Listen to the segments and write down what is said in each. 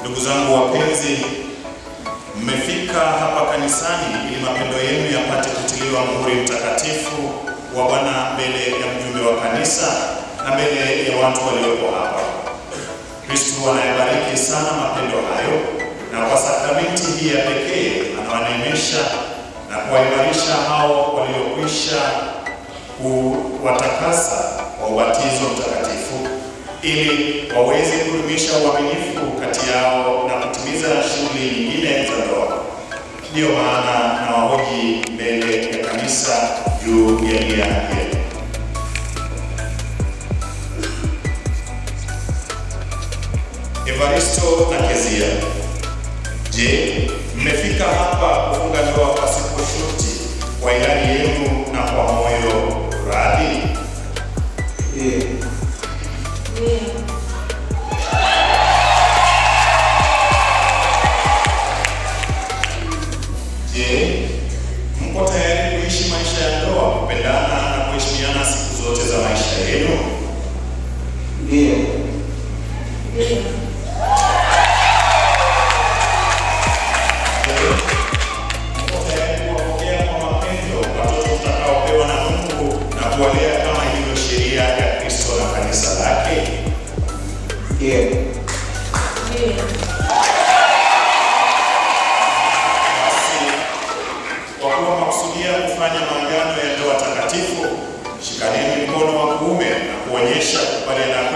Ndugu zangu wapenzi, mmefika hapa kanisani ili mapendo yenu yapate kutiliwa muhuri mtakatifu wa Bwana mbele ya mjumbe wa kanisa na mbele ya watu walioko hapa. Kristo anayebariki sana mapendo hayo, na kwa sakramenti hii ya pekee anawaneemesha na kuwaimarisha hao waliokwisha kuwatakasa kwa ubatizo mtakatifu ili waweze kudumisha uaminifu kati yao na kutimiza shughuli nyingine za ndoa. Ndiyo maana na wahoji mbele ya kanisa juu ya nia yetu. Evaristo na Kezia, je, mmefika hapa kufunga ndoa pasipo shuti kwa ilani yenu na kwa moyo radhi? Ndio. Kuwapokea kwa mapendo watoto utakaopewa na Mungu na kuwalea kama ilivyo sheria ya na kanisa lake. Ndio. kuwa mnakusudia kufanya maagano ya ndoa takatifu, mkono wa kuume na kuonyesha kukubaliana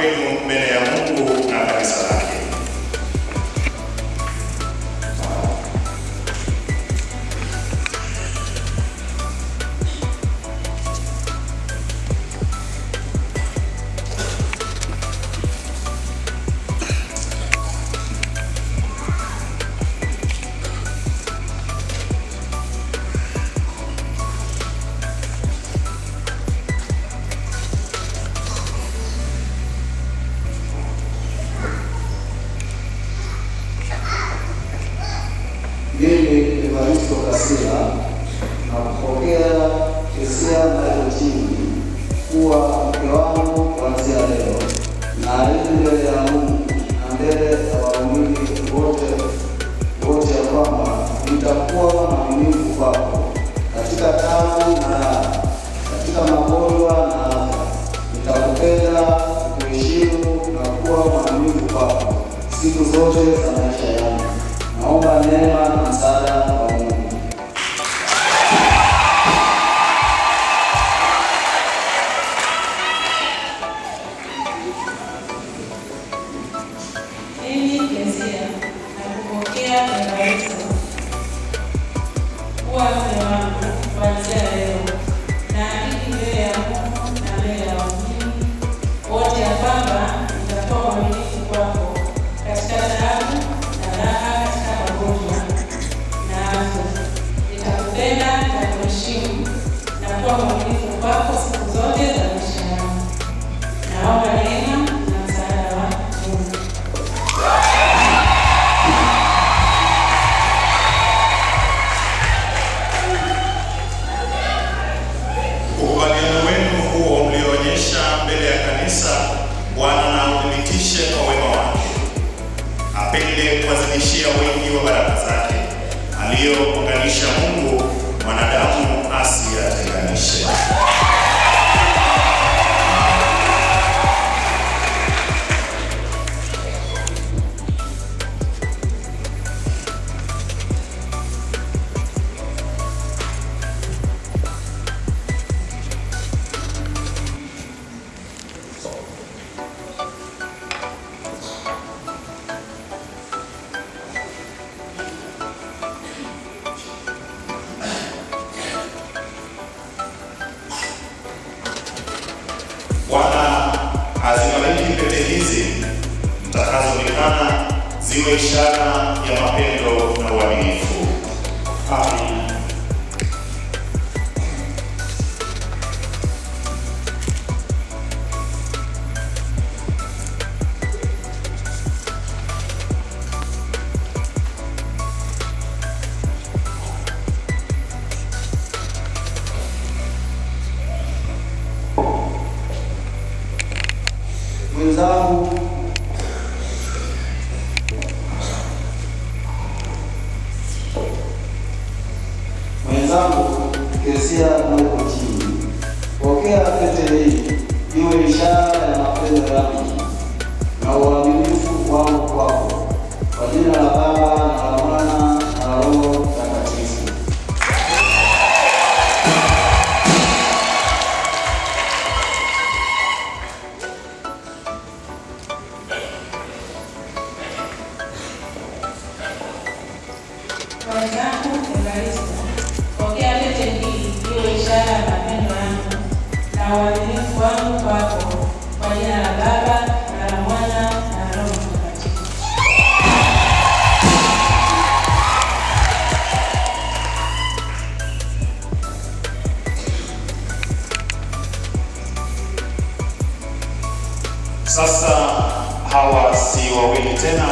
na alizi mbele ya mbele ya waumini wote wote, ya kwamba nitakuwa mwaminifu kwako katika tabu katika magonjwa na nitakupenda, kuheshimu na kuwa mwaminifu siku zote za maisha yangu. Naomba neema na Maria, em é Boa semana. iliyounganisha zinazoonekana ziwe ishara ya mapendo na uaminifu. Amen. na wangu kwako. Kwa jina la Baba na la Mwana na Roho Mtakatifu. Sasa hawa si wawili tena,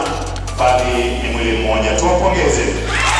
bali ni mwili mmoja. Tuwapongeze.